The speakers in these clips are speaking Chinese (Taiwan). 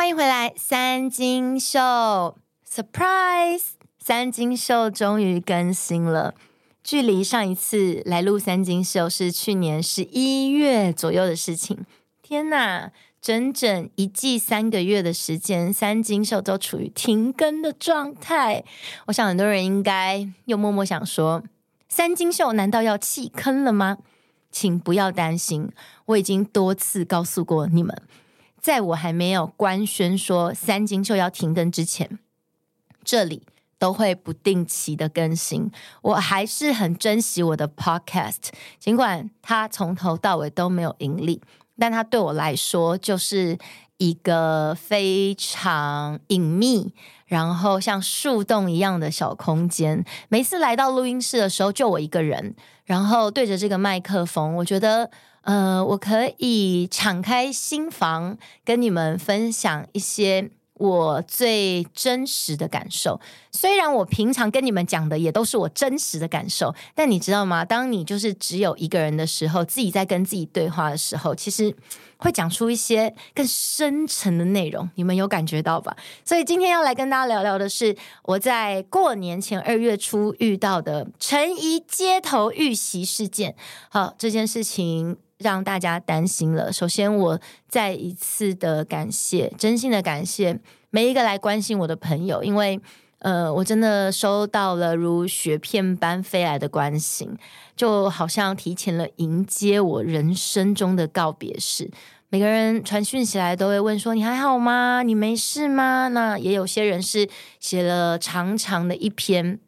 歡迎回來，三金秀 surprise！三金秀終於更新了，距離上一次來錄三金秀是去年十一月左右的事情。天哪，整整一季三個月的時間，三金秀都處於停更的狀態。我想很多人應該又默默想說：三金秀難道要棄坑了嗎？請不要擔心，我已經多次告訴過你們。在我還沒有官宣說三金就要停更之前，這裡都會不定期的更新。我還是很珍惜我的 podcast，儘管它從頭到尾都沒有盈利，但它對我來說就是一個非常隱祕，然後像樹洞一樣的小空間。每次來到錄音室的時候，就我一個人，然後對着這個麥克風，我覺得。呃，我可以敞開心房跟你們分享一些我最真實的感受。雖然我平常跟你們講的也都是我真實的感受，但你知道嗎？當你就是只有一個人的時候，自己在跟自己對話的時候，其實會講出一些更深沉的內容。你們有感覺到吧？所以今天要來跟大家聊聊的是我在過年前二月初遇到的陳怡街頭遇襲事件。好，這件事情。讓大家擔心了。首先，我再一次的感謝，真心的感謝每一個來關心我的朋友，因為呃，我真的收到了如雪片般飛來的關心，就好像提前了迎接我人生中的告別式。每個人傳訊起來都會問說：“你還好嗎？你沒事嗎？”那也有些人是寫了長長的一篇，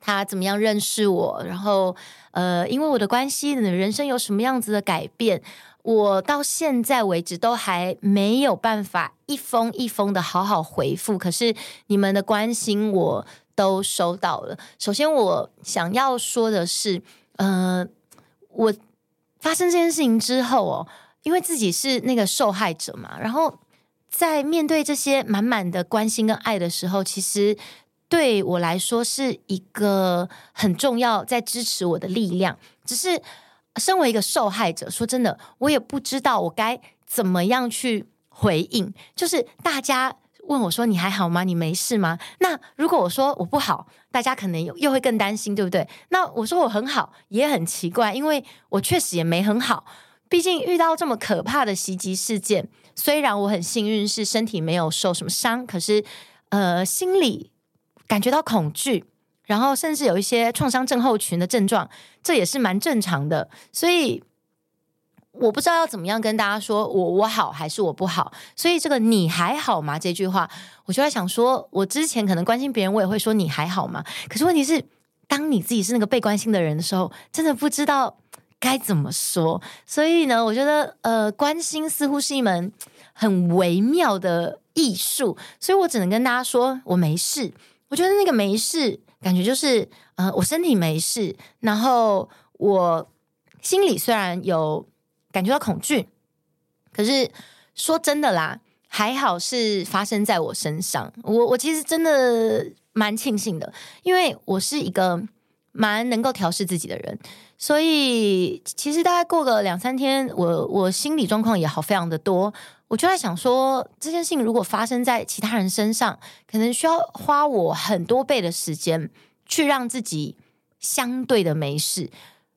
他怎麼樣認識我，然後。呃，因為我的關係，你的人生有什麼樣子的改變，我到現在為止都還沒有辦法一封一封的好好回復。可是你們的關心我都收到了。首先，我想要說的是，呃，我發生這件事情之後哦，因為自己是那個受害者嘛，然後在面對這些滿滿的關心跟愛的時候，其實。對我來說是一個很重要在支持我的力量。只是身為一個受害者，說真的，我也不知道我該怎麼樣去回應。就是大家問我說：“你還好嗎？你沒事嗎？”那如果我說我不好，大家可能又又會更擔心，對不對？那我說我很好，也很奇怪，因為我確實也沒很好。畢竟遇到這麼可怕的襲擊事件，雖然我很幸運是身體沒有受什麼傷，可是呃，心裡。感覺到恐懼，然後甚至有一些創傷症候群的症狀，這也是蠻正常的。所以我不知道要怎麼樣跟大家說我我好還是我不好。所以這個你還好嗎？這句話，我就在想說，說我之前可能關心別人，我也會說你還好嗎？可是問題是，當你自己是那個被關心的人的時候，真的不知道該怎麼說。所以呢，我覺得呃，關心似乎是一門很微妙的藝術。所以我只能跟大家說，我沒事。我覺得那個沒事，感覺就是，呃，我身體沒事，然後我心裡雖然有感覺到恐懼，可是說真的啦，還好是發生在我身上，我我其實真的蠻慶幸的，因為我是一個蠻能夠調適自己的人，所以其實大概過個兩三天，我我心理狀況也好，非常的多。我就在想說，這件事情如果發生在其他人身上，可能需要花我很多倍的時間去讓自己相對的沒事。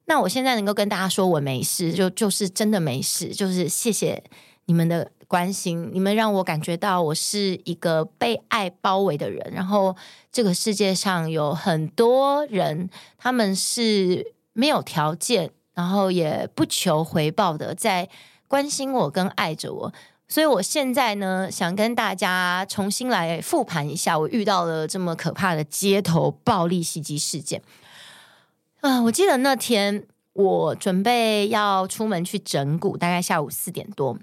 那我現在能夠跟大家說我沒事，就就是真的沒事，就是謝謝你們的關心，你們讓我感覺到我是一個被愛包圍的人。然後這個世界上有很多人，他們是沒有條件，然後也不求回報的，在關心我跟愛着我。所以我現在呢，想跟大家重新來復盤一下我遇到了這麼可怕的街頭暴力襲擊事件。啊、呃，我記得那天我準備要出門去整蠱，大概下午四點多。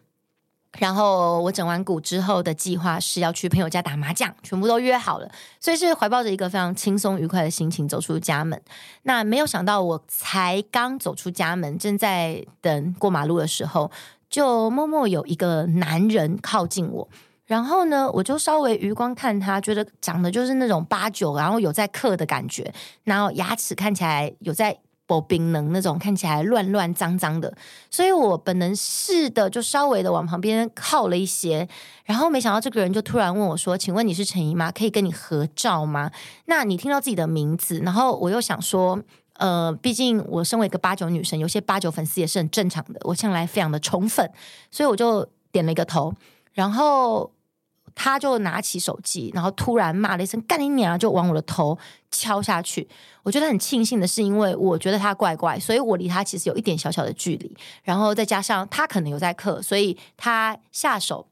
然後我整完蠱之後的計劃是要去朋友家打麻將，全部都約好了，所以是懷抱着一個非常輕鬆愉快的心情走出家門。那沒有想到，我才剛走出家門，正在等過馬路的時候。就默默有一個男人靠近我，然後呢，我就稍微餘光看他，覺得長得就是那種八九，然後有在嗑的感覺，然後牙齒看起來有在薄冰冷那種，看起來亂亂髒髒的，所以我本能似的就稍微的往旁邊靠了一些，然後沒想到這個人就突然問我說：“請問你是陳姨嗎？可以跟你合照嗎？”那你聽到自己的名字，然後我又想說。呃，畢竟我身為一個八九女生，有些八九粉絲也是很正常的。我向來非常的寵粉，所以我就點了一個頭，然後他就拿起手機，然後突然罵了一聲“干你娘”，就往我的頭敲下去。我覺得很慶幸的是，因為我覺得他怪怪，所以我離他其實有一點小小的距離，然後再加上他可能有在嗑，所以他下手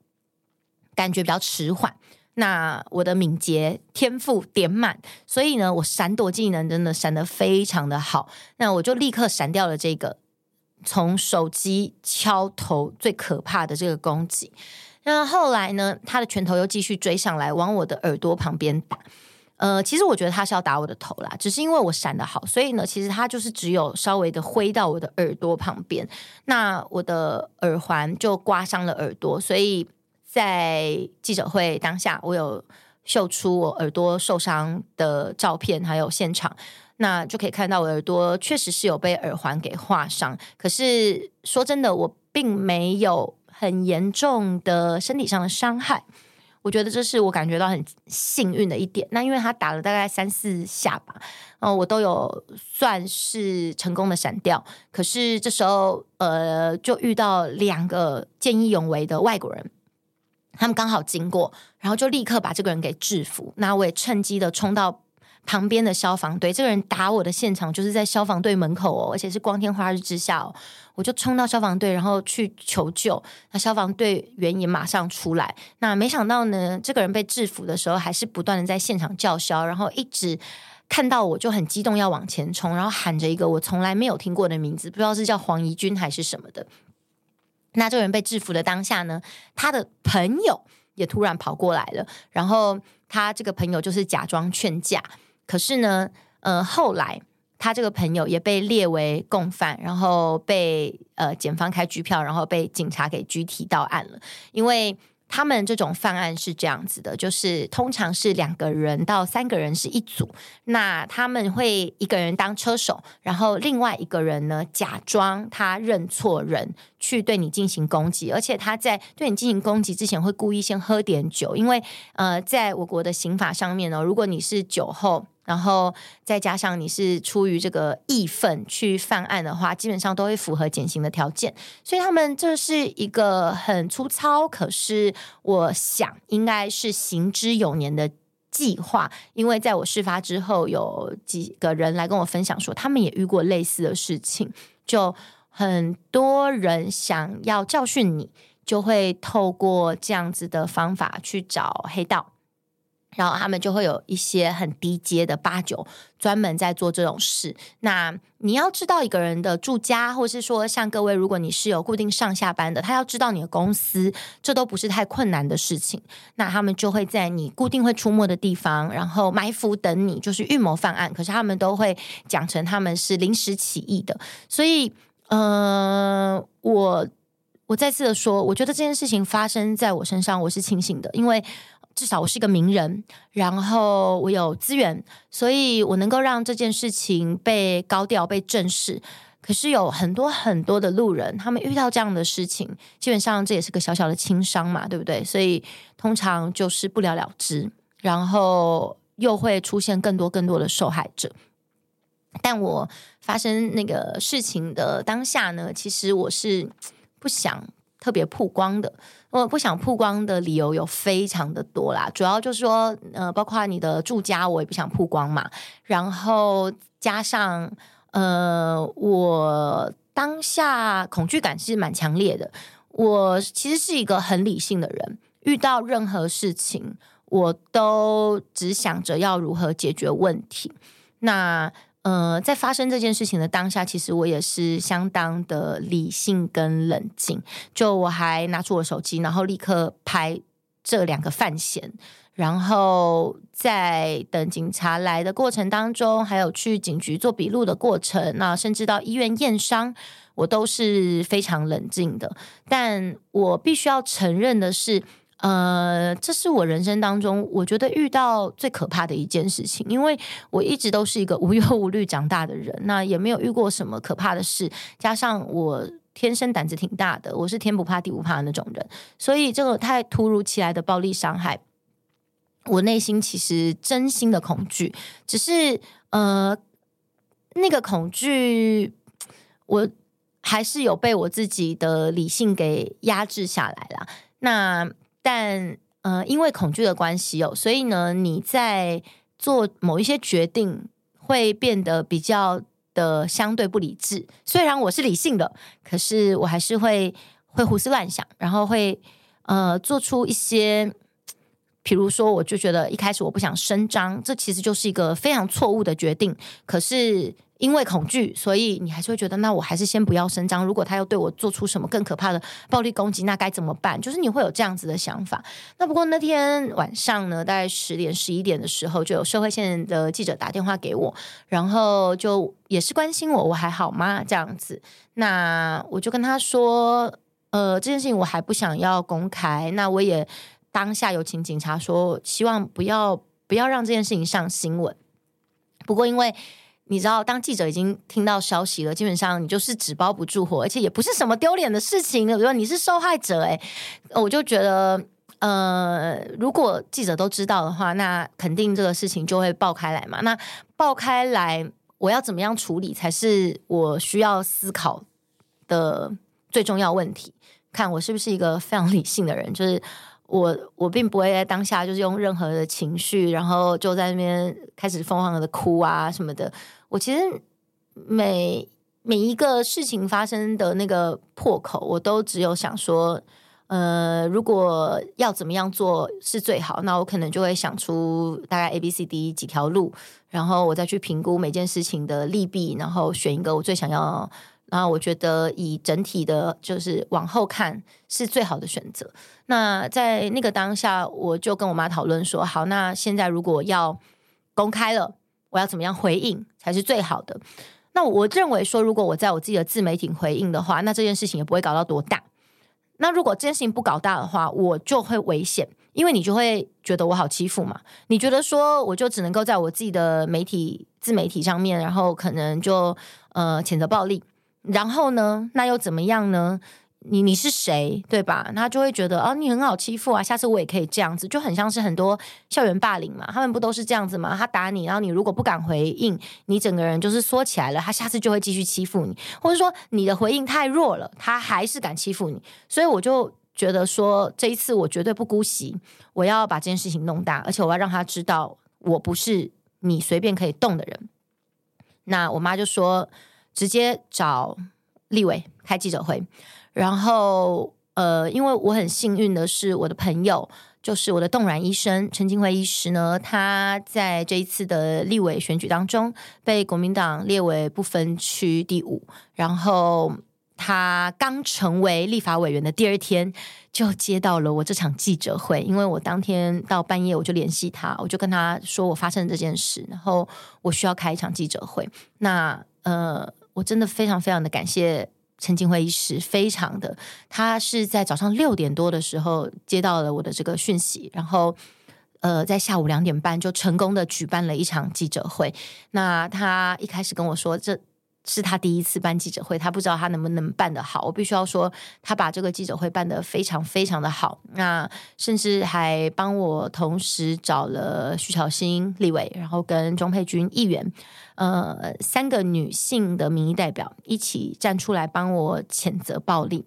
感覺比較遲緩。那我的敏捷天賦點滿，所以呢，我閃躲技能真的閃得非常的好。那我就立刻閃掉了這個從手機敲頭最可怕的這個攻擊。那後來呢，他的拳頭又繼續追上來，往我的耳朵旁邊打。呃，其實我覺得他是要打我的頭啦，只是因為我閃得好，所以呢，其實他就是只有稍微的揮到我的耳朵旁邊，那我的耳環就刮傷了耳朵，所以。在記者會當下，我有秀出我耳朵受傷的照片，還有現場，那就可以看到我耳朵確實是有被耳環給劃傷。可是說真的，我並沒有很嚴重的身體上的傷害，我覺得這是我感覺到很幸運的一點。那因為他打了大概三四下吧，哦、呃，我都有算是成功的閃掉。可是這時候，呃，就遇到兩個見義勇為的外國人。他們剛好經過，然後就立刻把這個人給制服。那我也趁機的衝到旁邊的消防隊。這個人打我的現場就是在消防隊門口哦，而且是光天化日之下哦。我就衝到消防隊，然後去求救。那消防隊員也馬上出來。那沒想到呢，這個人被制服的時候，還是不斷的在現場叫囂，然後一直看到我就很激動，要往前衝，然後喊着一個我從來沒有聽過的名字，不知道是叫黃怡君還是什麼的。那這個人被制服的當下呢，他的朋友也突然跑過來了，然後他這個朋友就是假裝勸架，可是呢，呃，後來他這個朋友也被列為共犯，然後被呃檢方開拘票，然後被警察給拘提到案了，因為。他們這種犯案是這樣子的，就是通常是兩個人到三個人是一組，那他們會一個人當車手，然後另外一個人呢，假裝他認錯人去對你進行攻擊，而且他在對你進行攻擊之前會故意先喝點酒，因為呃，在我國的刑法上面呢、哦，如果你是酒後。然後再加上你是出於這個義憤去犯案的話，基本上都會符合減刑的條件。所以他們這是一個很粗糙，可是我想應該是行之有年的計劃，因為在我事發之後，有幾個人來跟我分享說，他們也遇過類似的事情，就很多人想要教訓你，就會透過這樣子的方法去找黑道。然後他們就會有一些很低階的八九，專門在做這種事。那你要知道一個人的住家，或是說像各位，如果你是有固定上下班的，他要知道你的公司，這都不是太困難的事情。那他們就會在你固定會出沒的地方，然後埋伏等你，就是預謀犯案。可是他們都會講成他們是臨時起意的。所以，嗯、呃，我我再次的說，我覺得這件事情發生在我身上，我是慶幸的，因為。至少我是一個名人，然後我有資源，所以我能夠讓這件事情被高調、被正視。可是有很多很多的路人，他們遇到這樣的事情，基本上這也是個小小的輕傷嘛，對不對？所以通常就是不了了之，然後又會出現更多更多的受害者。但我發生那個事情的當下呢，其實我是不想。特別曝光的，我不想曝光的理由有非常的多啦，主要就是說，呃，包括你的住家我也不想曝光嘛，然後加上，呃，我當下恐懼感是蠻強烈的，我其實是一個很理性的人，遇到任何事情我都只想着要如何解決問題，那。呃，在發生這件事情的當下，其實我也是相當的理性跟冷靜。就我還拿出我手機，然後立刻拍這兩個犯嫌，然後在等警察來的過程當中，還有去警局做筆錄的過程，那甚至到醫院驗傷，我都是非常冷靜的。但我必須要承認的是。呃，這是我人生當中我覺得遇到最可怕的一件事情，因為我一直都是一個無憂無慮長大的人，那也沒有遇過什麼可怕的事，加上我天生膽子挺大的，我是天不怕地不怕的那種人，所以這個太突如其來的暴力傷害，我內心其實真心的恐懼，只是呃，那個恐懼，我還是有被我自己的理性給壓制下來了，那。但呃，因為恐懼的關係哦，所以呢，你在做某一些決定會變得比較的相對不理智。雖然我是理性的，可是我還是會會胡思亂想，然後會呃做出一些，比如說，我就覺得一開始我不想聲張，這其實就是一個非常錯誤的決定，可是。因為恐懼，所以你還是會覺得，那我還是先不要聲張。如果他要對我做出什麼更可怕的暴力攻擊，那該怎麼辦？就是你會有這樣子的想法。那不過那天晚上呢，大概十點、十一點的時候，就有社會線的記者打電話給我，然後就也是關心我，我還好嗎？這樣子，那我就跟他說，呃，這件事情我還不想要公開。那我也當下有請警察說，希望不要不要讓這件事情上新聞。不過因為。你知道，當記者已經聽到消息了，基本上你就是紙包不住火，而且也不是什麼丟臉的事情。比如說你是受害者、欸，誒，我就覺得，呃，如果記者都知道的話，那肯定這個事情就會爆開來嘛。那爆開來，我要怎麼樣處理才是我需要思考的最重要問題？看我是不是一個非常理性的人，就是。我我並不會在當下就是用任何的情緒，然後就在那邊開始瘋狂的哭啊什麼的。我其實每每一個事情發生的那個破口，我都只有想說，呃，如果要怎麼樣做是最好，那我可能就會想出大概 A B C D 幾條路，然後我再去評估每件事情的利弊，然後選一個我最想要。啊，然後我覺得以整體的，就是往後看是最好的選擇。那在那個當下，我就跟我媽討論說：“好，那現在如果要公開了，我要怎麼樣回應才是最好的？”那我認為說，如果我在我自己的自媒體回應的話，那這件事情也不會搞到多大。那如果這件事情不搞大的話，我就會危險，因為你就會覺得我好欺負嘛。你覺得說，我就只能夠在我自己的媒體、自媒體上面，然後可能就呃譴責暴力。然後呢？那又怎麼樣呢？你你是誰，對吧？那他就會覺得哦，你很好欺負啊，下次我也可以這樣子，就很像是很多校園霸凌嘛，他們不都是這樣子嗎？他打你，然後你如果不敢回應，你整個人就是縮起來了，他下次就會繼續欺負你，或者說你的回應太弱了，他還是敢欺負你。所以我就覺得說，這一次我絕對不姑息，我要把這件事情弄大，而且我要讓他知道我不是你隨便可以動的人。那我媽就說。直接找立委開記者會，然後呃，因為我很幸運的是，我的朋友就是我的凍卵醫生陳菁徽醫師呢，他在這一次的立委選舉當中被國民黨列為不分區第五，然後他剛成為立法委員的第二天就接到了我這場記者會，因為我當天到半夜我就聯繫他，我就跟他說我發生了這件事，然後我需要開一場記者會，那呃。我真的非常非常的感謝陳金輝醫師，非常的，他是在早上六點多的時候接到了我的這個訊息，然後，呃，在下午兩點半就成功的舉辦了一場記者會。那他一開始跟我說這。是他第一次辦記者會，他不知道他能不能辦得好。我必須要說，他把這個記者會辦得非常非常的好。那甚至還幫我同時找了徐巧芯立委，然後跟鍾佩君議員，呃，三個女性的民意代表一起站出來幫我譴責暴力。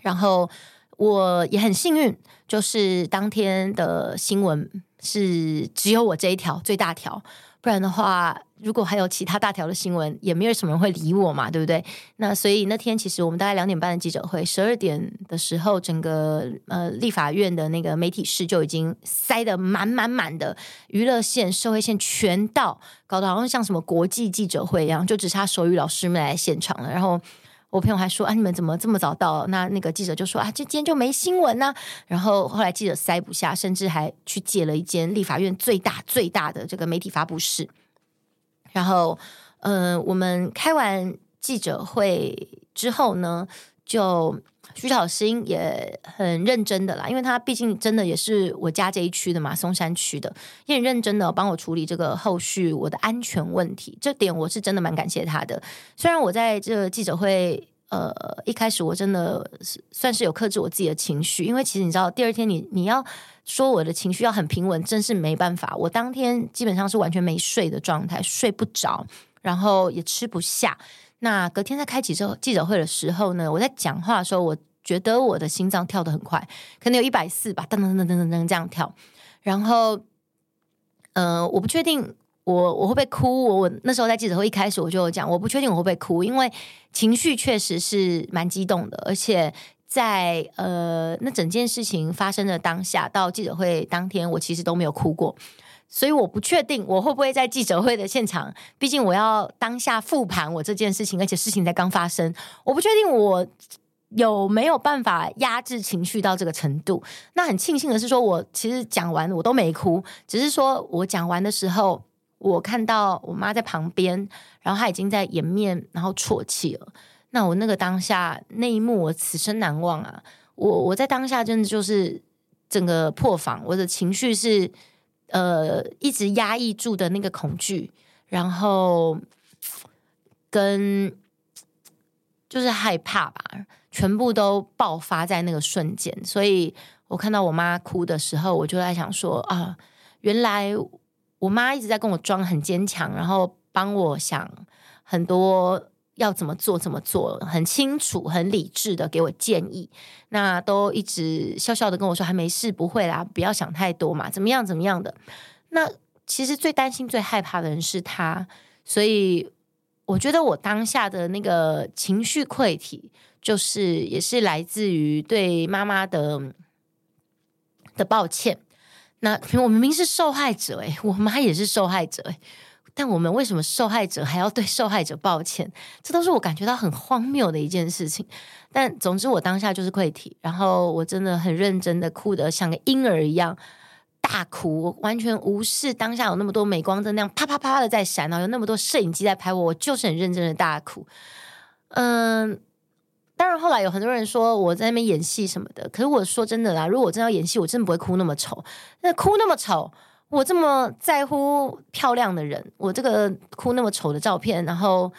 然後我也很幸運，就是當天的新聞是只有我這一條最大條。不然的話，如果還有其他大條的新聞，也沒有什麼人會理我嘛，對不對？那所以那天其實我們大概兩點半的記者會，十二點的時候，整個呃立法院的那個媒體室就已經塞得滿滿滿的，娛樂線、社會線全到，搞得好像像什麼國際記者會一樣，就只差手語老師們來現場了，然後。我朋友還說啊，你們怎麼這麼早到？那那個記者就說啊，這今天就沒新聞呢、啊。然後後來記者塞不下，甚至還去借了一間立法院最大最大的這個媒體發布室。然後，嗯、呃，我們開完記者會之後呢，就。徐小新也很認真的啦，因為他畢竟真的也是我家這一區的嘛，松山區的，也很認真的幫我處理這個後續我的安全問題，這點我是真的蠻感謝他的。雖然我在這記者會，呃，一開始我真的算是有克制我自己的情緒，因為其實你知道，第二天你你要說我的情緒要很平穩，真是沒辦法。我當天基本上是完全沒睡的狀態，睡不着，然後也吃不下。那隔天在開啟之後記者會的時候呢，我在講話的時候，我覺得我的心臟跳得很快，可能有一百四吧，噔噔噔噔噔噔這樣跳。然後，呃，我不確定我我會不會哭。我我那時候在記者會一開始我就講，我不確定我會不會哭，因為情緒確實是蠻激動的。而且在呃那整件事情發生的當下到記者會當天，我其實都沒有哭過。所以我不確定我會不會在記者會的現場，畢竟我要當下復盤我這件事情，而且事情才剛發生，我不確定我有沒有辦法壓制情緒到這個程度。那很慶幸的是，說我其實講完我都沒哭，只是說我講完的時候，我看到我媽在旁邊，然後她已經在掩面然後啜泣了。那我那個當下那一幕，我此生難忘啊！我我在當下真的就是整個破防，我的情緒是。呃，一直壓抑住的那個恐懼，然後跟就是害怕吧，全部都爆發在那個瞬間。所以我看到我媽哭的時候，我就在想說啊，原來我媽一直在跟我裝很堅強，然後幫我想很多。要怎麼做？怎麼做？很清楚，很理智的給我建議。那都一直笑笑的跟我說，還沒事，不會啦，不要想太多嘛，怎麼樣，怎麼樣的。那其實最擔心、最害怕的人是他，所以我覺得我當下的那個情緒潰堤，就是也是來自於對媽媽的的抱歉。那我明明是受害者哎、欸，我媽也是受害者，欸但我們為什麼受害者還要對受害者抱歉？這都是我感覺到很荒謬的一件事情。但總之，我當下就是潰堤，然後我真的很認真的哭得像個嬰兒一樣大哭，完全無視當下有那麼多鎂光燈那樣啪啪啪啪的在閃，然後有那麼多攝影機在拍我，我就是很認真的大哭。嗯，當然後來有很多人說我在那邊演戲什麼的，可是我說真的啦，如果我真要演戲，我真的不會哭那麼醜。那哭那麼醜。我這麼在乎漂亮的人，我這個哭那麼醜的照片，然後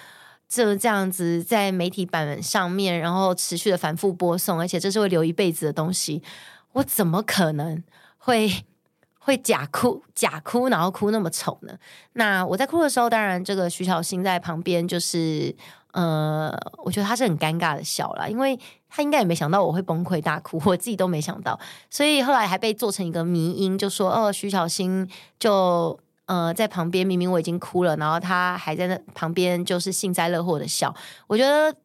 就這樣子在媒體版上面，然後持續的反覆播送，而且這是會留一輩子的東西，我怎麼可能會？會假哭，假哭，然後哭那麼醜呢？那我在哭的時候，當然這個徐小新在旁邊，就是呃，我覺得他是很尷尬的笑了，因為他應該也沒想到我會崩潰大哭，我自己都沒想到，所以後來還被做成一個迷因，就說哦，徐小新就呃在旁邊，明明我已經哭了，然後他還在那旁邊就是幸災樂禍的笑。我覺得，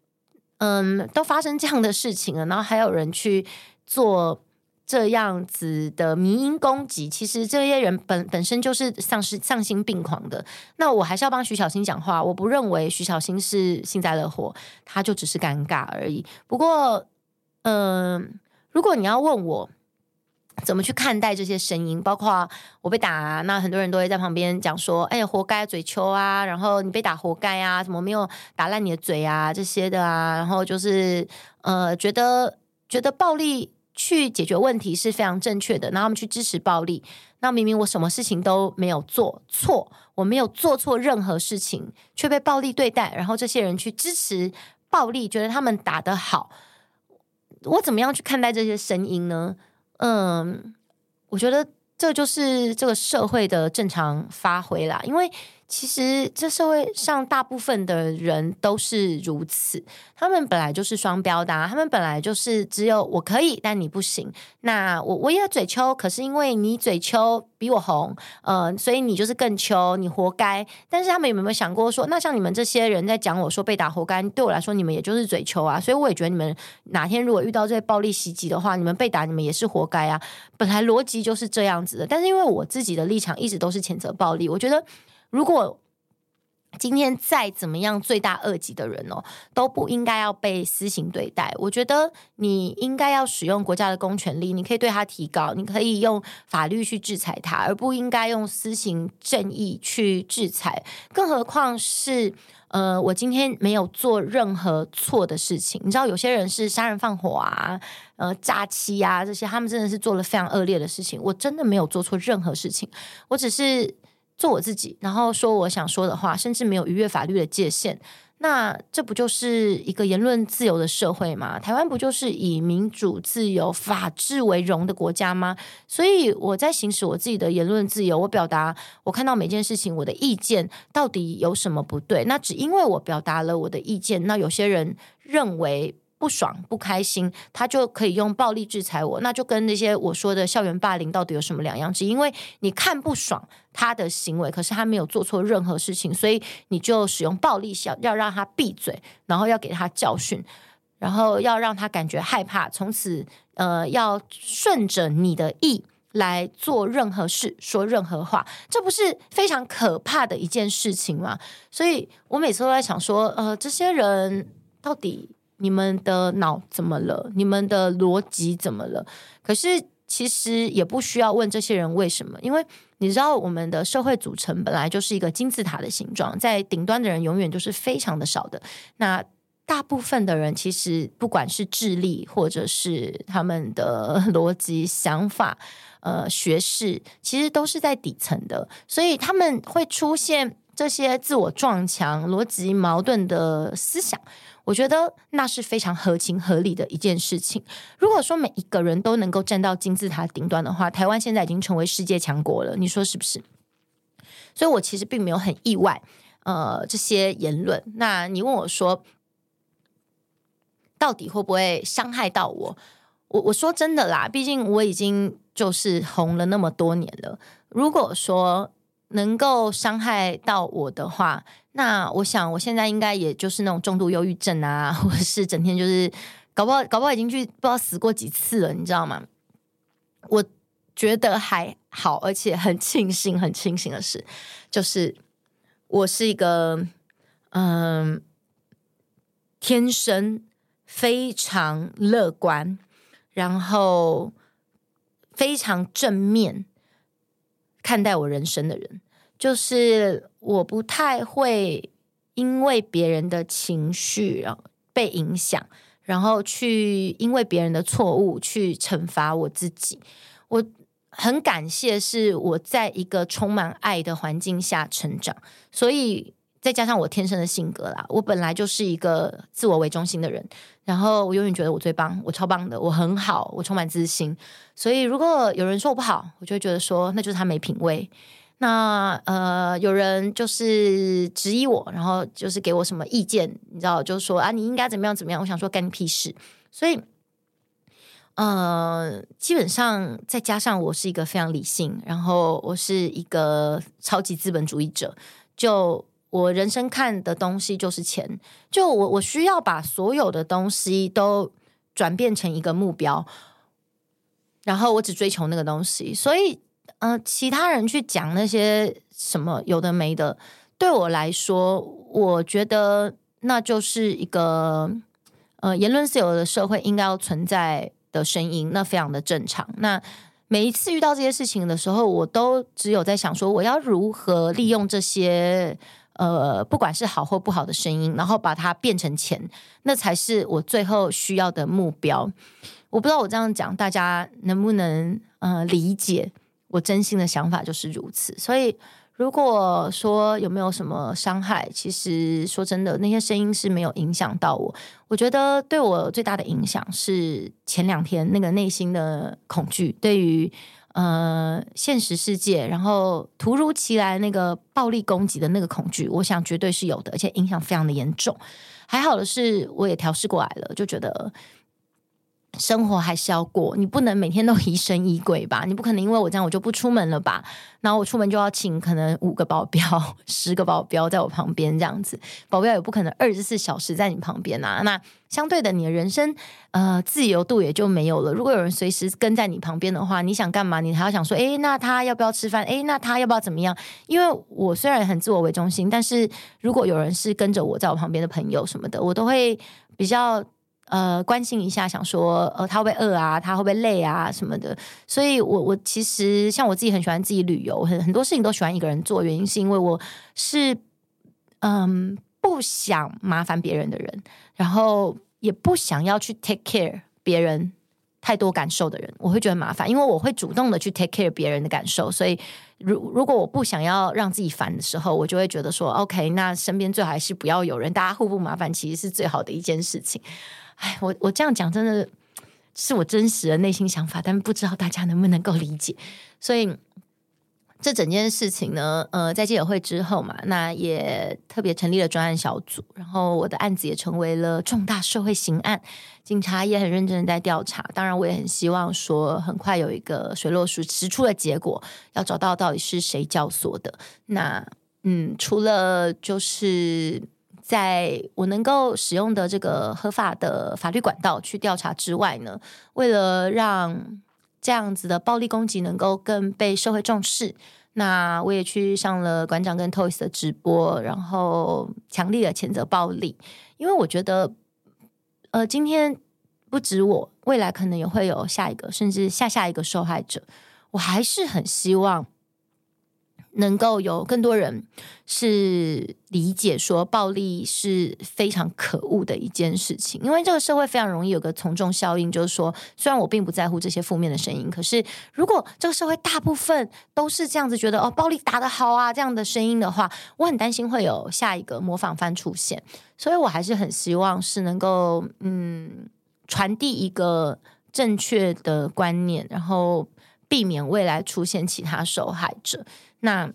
嗯，都發生這樣的事情了，然後還有人去做。這樣子的迷因攻擊，其實這些人本本身就是喪失、喪心病狂的。那我還是要幫徐小新講話，我不認為徐小新是幸災樂禍，他就只是尷尬而已。不過，嗯、呃，如果你要問我怎麼去看待這些聲音，包括我被打、啊，那很多人都會在旁邊講說：“哎、欸、呀，活該嘴秋啊！”然後你被打活該啊，怎麼沒有打爛你的嘴啊？這些的啊，然後就是呃，覺得覺得暴力去解決問題是非常正確的。然後他們去支持暴力，那明明我什麼事情都沒有做錯，我沒有做錯任何事情，卻被暴力對待。然後這些人去支持暴力，覺得他們打得好，我怎麼樣去看待這些聲音呢？嗯，我覺得這就是這個社會的正常發揮啦，因為。其實這社會上大部分的人都是如此，他們本來就是雙標的，他們本來就是只有我可以，但你不行。那我我也要嘴秋，可是因為你嘴秋比我紅，嗯、呃，所以你就是更秋，你活該。但是他們有沒有想過說，那像你們這些人在講我說被打活該，對我來說你們也就是嘴秋啊。所以我也覺得你們哪天如果遇到這些暴力襲擊的話，你們被打，你們也是活該啊。本來邏輯就是這樣子的，但是因為我自己的立場一直都是譴責暴力，我覺得。如果今天再怎麼樣罪大惡極的人哦，都不應該要被私刑對待。我覺得你應該要使用國家的公權力，你可以對他提告，你可以用法律去制裁他，而不應該用私刑正義去制裁。更何況是呃，我今天沒有做任何錯的事情。你知道，有些人是殺人放火啊，呃，詐欺啊這些，他們真的是做了非常惡劣的事情。我真的沒有做錯任何事情，我只是。做我自己，然後說我想說的話，甚至沒有逾越法律的界限。那這不就是一個言論自由的社會嗎？台灣不就是以民主、自由、法治為榮的國家嗎？所以我在行使我自己的言論自由，我表達我看到每件事情，我的意見到底有什麼不對？那只因為我表達了我的意見，那有些人認為。不爽不開心，他就可以用暴力制裁我，那就跟那些我說的校園霸凌到底有什麼兩樣？只因為你看不爽他的行為，可是他沒有做錯任何事情，所以你就使用暴力，想要讓他閉嘴，然後要給他教訓，然後要讓他感覺害怕，從此呃要順着你的意來做任何事，說任何話，這不是非常可怕的一件事情嗎？所以我每次都在想說，呃，這些人到底。你們的腦怎麼了？你們的邏輯怎麼了？可是其實也不需要問這些人為什麼，因為你知道我們的社會組成本來就是一個金字塔的形狀，在頂端的人永遠都是非常的少的。那大部分的人其實不管是智力或者是他們的邏輯想法、呃，學識，其實都是在底層的，所以他們會出現這些自我撞牆、邏輯矛盾的思想。我覺得那是非常合情合理的一件事情。如果說每一個人都能夠站到金字塔頂端的話，台灣現在已經成為世界強國了，你說是不是？所以我其實並沒有很意外，呃，這些言論。那你問我說，到底會不會傷害到我？我我說真的啦，畢竟我已經就是紅了那麼多年了。如果說能夠傷害到我的話，那我想我現在應該也就是那種重度憂鬱症啊，或者是整天就是搞不好搞不好已經去不知道死過幾次了，你知道嗎？我覺得還好，而且很慶幸，很慶幸的是，就是我是一個嗯，天生非常樂觀，然後非常正面。看待我人生的人，就是我不太會因為別人的情緒然後被影響，然後去因為別人的錯誤去懲罰我自己。我很感謝是我在一個充滿愛的環境下成長，所以。再加上我天生的性格啦，我本來就是一個自我為中心的人，然後我永遠覺得我最棒，我超棒的，我很好，我充滿自信。所以如果有人說我不好，我就會覺得說那就是他沒品味。那呃，有人就是質疑我，然後就是給我什麼意見，你知道，就是說啊，你應該怎麼樣怎麼樣。我想說干你屁事。所以呃，基本上再加上我是一個非常理性，然後我是一個超級資本主義者，就。我人生看的東西就是錢，就我我需要把所有的東西都轉變成一個目標，然後我只追求那個東西。所以，嗯，呃，其他人去講那些什麼有的沒的，對我來說，我覺得那就是一個呃言論自由的社會應該要存在的聲音，那非常的正常。那每一次遇到這些事情的時候，我都只有在想說，我要如何利用這些。呃，不管是好或不好的聲音，然後把它變成錢，那才是我最後需要的目標。我不知道我這樣講大家能不能呃理解，我真心的想法就是如此。所以如果說有沒有什麼傷害，其實說真的，那些聲音是沒有影響到我。我覺得對我最大的影響是前兩天那個內心的恐懼，對於。呃，現實世界，然後突如其來那個暴力攻擊的那個恐懼，我想絕對是有的，而且影響非常的嚴重。還好的是，我也調試過來了，就覺得。生活還是要過，你不能每天都疑神疑鬼吧？你不可能因為我這樣我就不出門了吧？然後我出門就要請可能五個保鏢、十個保鏢在我旁邊這樣子，保鏢也不可能二十四小時在你旁邊啊。那相對的，你的人生呃自由度也就沒有了。如果有人隨時跟在你旁邊的話，你想幹嘛？你還要想說，誒、欸，那他要不要吃飯？誒、欸，那他要不要怎麼樣？因為我雖然很自我為中心，但是如果有人是跟着我在我旁邊的朋友什麼的，我都會比較。呃，關心一下，想說，呃、哦，他會不會餓啊？他會不會累啊？什麼的？所以我，我我其實像我自己很喜歡自己旅遊，很很多事情都喜歡一個人做。原因是因為我是嗯不想麻煩別人的人，然後也不想要去 take care 別人太多感受的人，我會覺得麻煩。因為我會主動的去 take care 別人的感受，所以如如果我不想要讓自己煩的時候，我就會覺得說，OK，那身邊最好還是不要有人，大家互不麻煩，其實是最好的一件事情。哎，我我這樣講真的是是我真實的內心想法，但不知道大家能不能夠理解。所以這整件事情呢，呃，在記者會之後嘛，那也特別成立了專案小組，然後我的案子也成為了重大社會刑案，警察也很認真的在調查。當然，我也很希望說，很快有一個水落石石出的結果，要找到到底是誰教唆的。那，嗯，除了就是。在我能夠使用的這個合法的法律管道去調查之外呢，為了讓這樣子的暴力攻擊能夠更被社會重視，那我也去上了館長跟 Toys 的直播，然後強力的譴責暴力，因為我覺得，呃，今天不止我，未來可能也會有下一個，甚至下下一個受害者，我還是很希望。能夠有更多人是理解說暴力是非常可惡的一件事情，因為這個社會非常容易有個從眾效應，就是說雖然我並不在乎這些負面的聲音，可是如果這個社會大部分都是這樣子覺得哦，暴力打得好啊這樣的聲音的話，我很擔心會有下一個模仿犯出現，所以我還是很希望是能夠嗯傳遞一個正確的觀念，然後避免未來出現其他受害者。那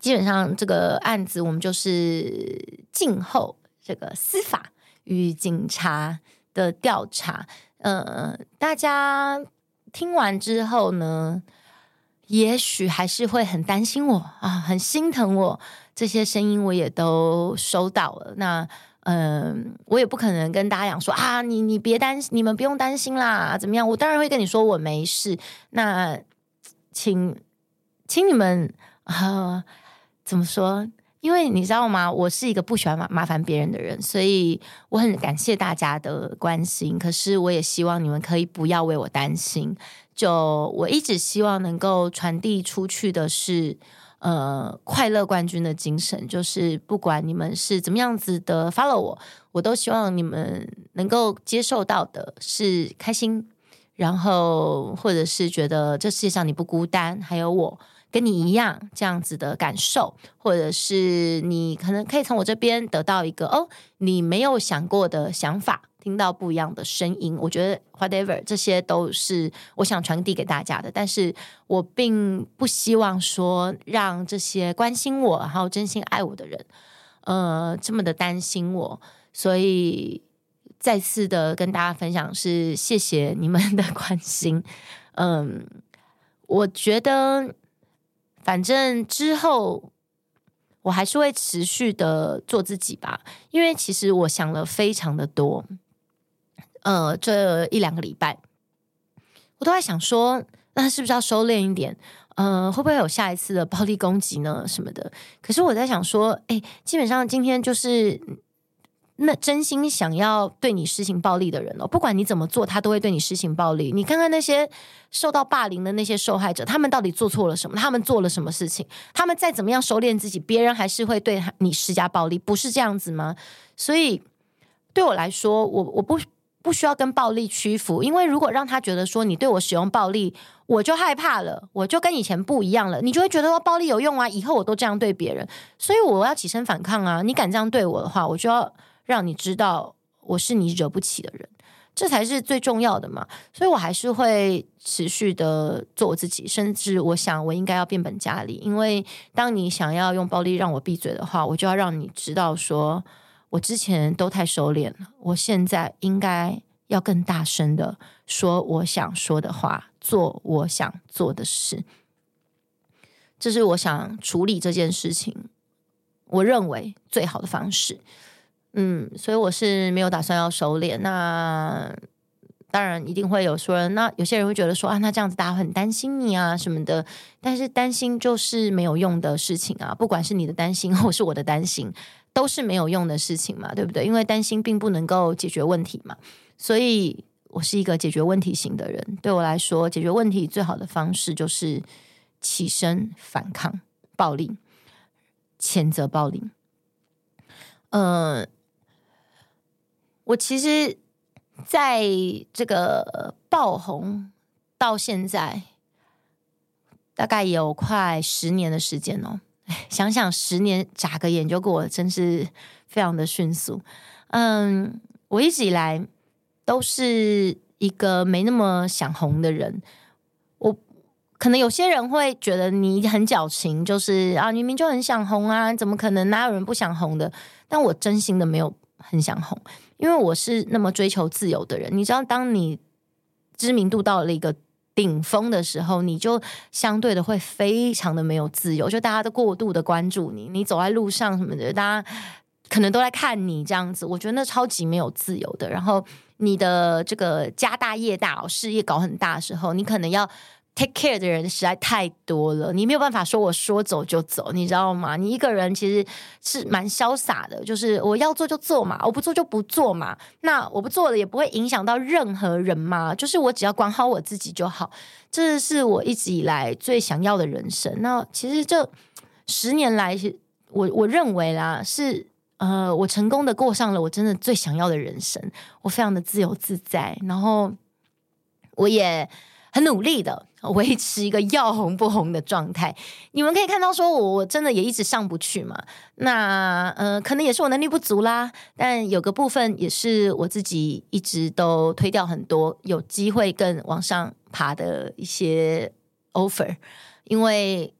基本上這個案子，我們就是靜候這個司法與警察的調查。呃，大家聽完之後呢，也許還是會很擔心我啊，很心疼我。這些聲音我也都收到了。那嗯，呃，我也不可能跟大家講說啊，你你別擔心，你們不用擔心啦，怎麼樣？我當然會跟你說我沒事。那請。請你們啊、呃，怎麼說？因為你知道嗎？我是一個不喜歡麻麻煩別人的人，所以我很感謝大家的關心。可是我也希望你們可以不要為我擔心。就我一直希望能夠傳遞出去的是，呃，快樂冠軍的精神。就是不管你們是怎麼樣子的 follow 我，我都希望你們能夠接受到的是開心，然後或者是覺得這世界上你不孤單，還有我。跟你一樣這樣子的感受，或者是你可能可以從我這邊得到一個哦，你沒有想過的想法，聽到不一樣的聲音，我覺得 whatever 這些都是我想傳遞給大家的。但是我並不希望說讓這些關心我然後真心愛我的人，呃，這麼的擔心我。所以再次的跟大家分享是謝謝你們的關心。嗯，我覺得。反正之後，我還是會持續的做自己吧，因為其實我想了非常的多，呃，這一兩個禮拜，我都在想說，那是不是要收斂一點？呃，會不會有下一次的暴力攻擊呢？什麼的。可是我在想說，哎、欸，基本上今天就是。那真心想要對你施行暴力的人哦，不管你怎麼做，他都會對你施行暴力。你看看那些受到霸凌的那些受害者，他們到底做錯了什麼？他們做了什麼事情？他們再怎麼樣收斂自己，別人還是會對你施加暴力，不是這樣子嗎？所以對我來說，我我不不需要跟暴力屈服，因為如果讓他覺得說你對我使用暴力，我就害怕了，我就跟以前不一樣了，你就會覺得說暴力有用啊，以後我都這樣對別人，所以我要起身反抗啊！你敢這樣對我的話，我就要。讓你知道我是你惹不起的人，這才是最重要的嘛。所以我還是會持續的做我自己，甚至我想我應該要變本加厲。因為當你想要用暴力讓我閉嘴的話，我就要讓你知道說，說我之前都太收斂了，我現在應該要更大聲的說我想說的話，做我想做的事。這是我想處理這件事情，我認為最好的方式。嗯，所以我是沒有打算要收斂。那當然一定會有說，那有些人會覺得說啊，那這樣子大家很擔心你啊什麼的。但是擔心就是沒有用的事情啊，不管是你的擔心或是我的擔心，都是沒有用的事情嘛，對不對？因為擔心並不能夠解決問題嘛。所以我是一個解決問題型的人。對我來說，解決問題最好的方式就是起身反抗暴力，譴責暴力。嗯、呃。我其實在這個爆紅到現在，大概有快十年的時間哦。想想十年，眨個眼就過，真是非常的迅速。嗯，我一直以來都是一個沒那麼想紅的人。我可能有些人會覺得你很矯情，就是啊，明明就很想紅啊，怎麼可能啊？哪有人不想紅的？但我真心的沒有很想紅。因為我是那麼追求自由的人，你知道，當你知名度到了一個頂峰的時候，你就相對的會非常的沒有自由。就大家都過度的關注你，你走在路上什麼的，大家可能都在看你這樣子。我覺得那超級沒有自由的。然後你的這個家大業大、哦，事業搞很大的時候，你可能要。Take care 的人實在太多了，你沒有辦法說我說走就走，你知道嗎？你一個人其實是蠻瀟灑的，就是我要做就做嘛，我不做就不做嘛。那我不做了也不會影響到任何人嘛，就是我只要管好我自己就好。這是我一直以來最想要的人生。那其實這十年來，我我認為啦是，呃，我成功的過上了我真的最想要的人生，我非常的自由自在，然後我也。很努力的維持一個要紅不紅的狀態，你們可以看到說我我真的也一直上不去嘛。那呃，可能也是我能力不足啦。但有個部分也是我自己一直都推掉很多有機會更往上爬的一些 offer，因為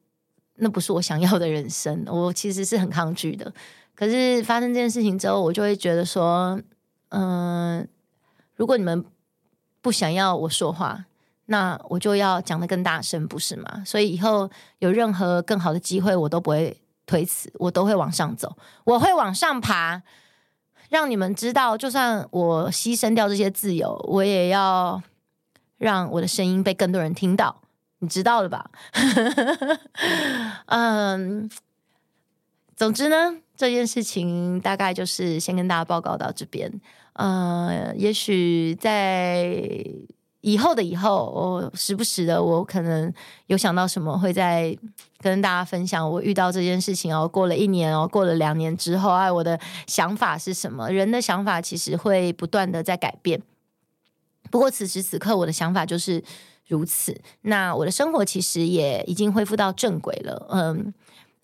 那不是我想要的人生，我其實是很抗拒的。可是發生這件事情之後，我就會覺得說，嗯、呃，如果你們不想要我說話。那我就要講得更大聲，不是嗎？所以以後有任何更好的機會，我都不會推辭，我都會往上走，我會往上爬，讓你們知道，就算我犧牲掉這些自由，我也要讓我的聲音被更多人聽到，你知道了吧？ 嗯，總之呢，這件事情大概就是先跟大家報告到這邊。嗯，也許在。以後的以後，我、哦、時不時的，我可能有想到什麼，會再跟大家分享。我遇到這件事情哦，過了一年哦，過了兩年之後啊、哎，我的想法是什麼？人的想法其實會不斷的在改變。不過此時此刻，我的想法就是如此。那我的生活其實也已經恢復到正軌了。嗯。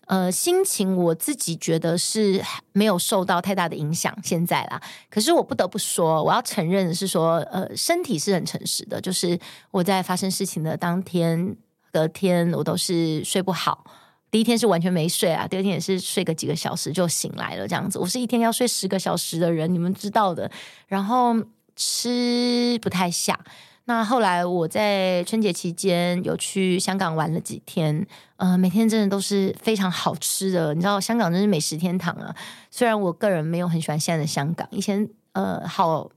呃，心情我自己覺得是沒有受到太大的影響，現在啦。可是我不得不說，我要承認的是說，呃，身體是很誠實的，就是我在發生事情的當天、隔天，我都是睡不好。第一天是完全沒睡啊，第二天也是睡個幾個小時就醒來了，這樣子。我是一天要睡十個小時的人，你們知道的。然後吃不太下。那後來我在春節期間有去香港玩了幾天，呃，每天真的都是非常好吃的。你知道香港真的是美食天堂啊！雖然我個人沒有很喜歡現在的香港，以前呃，好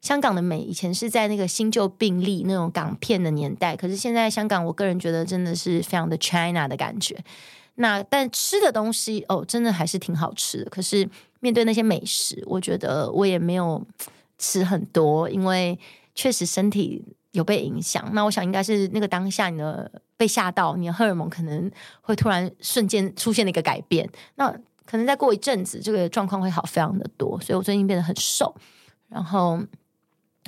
香港的美以前是在那個新舊並立那種港片的年代。可是現在香港，我個人覺得真的是非常的 China 的感覺。那但吃的東西哦，真的還是挺好吃的。可是面對那些美食，我覺得我也沒有吃很多，因為確實身體。有被影響，那我想應該是那個當下你的被嚇到，你的荷爾蒙可能會突然瞬間出現了一個改變。那可能再過一陣子，這個狀況會好非常的多。所以我最近變得很瘦，然後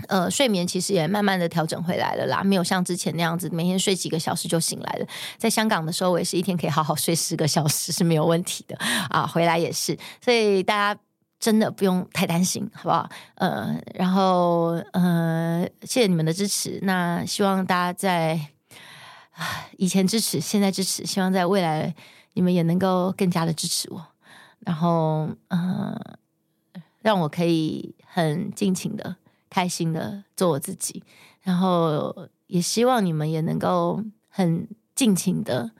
呃，睡眠其實也慢慢的調整回來了啦，沒有像之前那樣子每天睡幾個小時就醒來了。在香港的時候，我也是一天可以好好睡十個小時是沒有問題的啊，回來也是。所以大家。真的不用太擔心，好不好？呃，然後呃，謝謝你們的支持。那希望大家在以前支持，現在支持，希望在未來你們也能夠更加的支持我。然後呃，讓我可以很盡情的、開心的做我自己。然後也希望你們也能夠很盡情的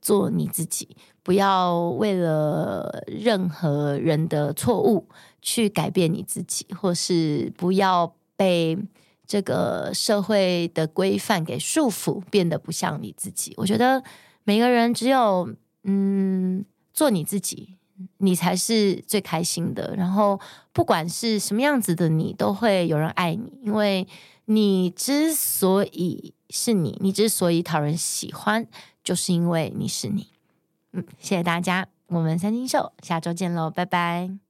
做你自己。不要為了任何人的錯誤去改變你自己，或是不要被這個社會的規範給束縛，變得不像你自己。我覺得每個人只有嗯做你自己，你才是最開心的。然後不管是什麼樣子的你，都會有人愛你，因為你之所以是你，你之所以討人喜歡，就是因為你是你。嗯，謝謝大家，我們三金秀，下周見嘍，拜拜。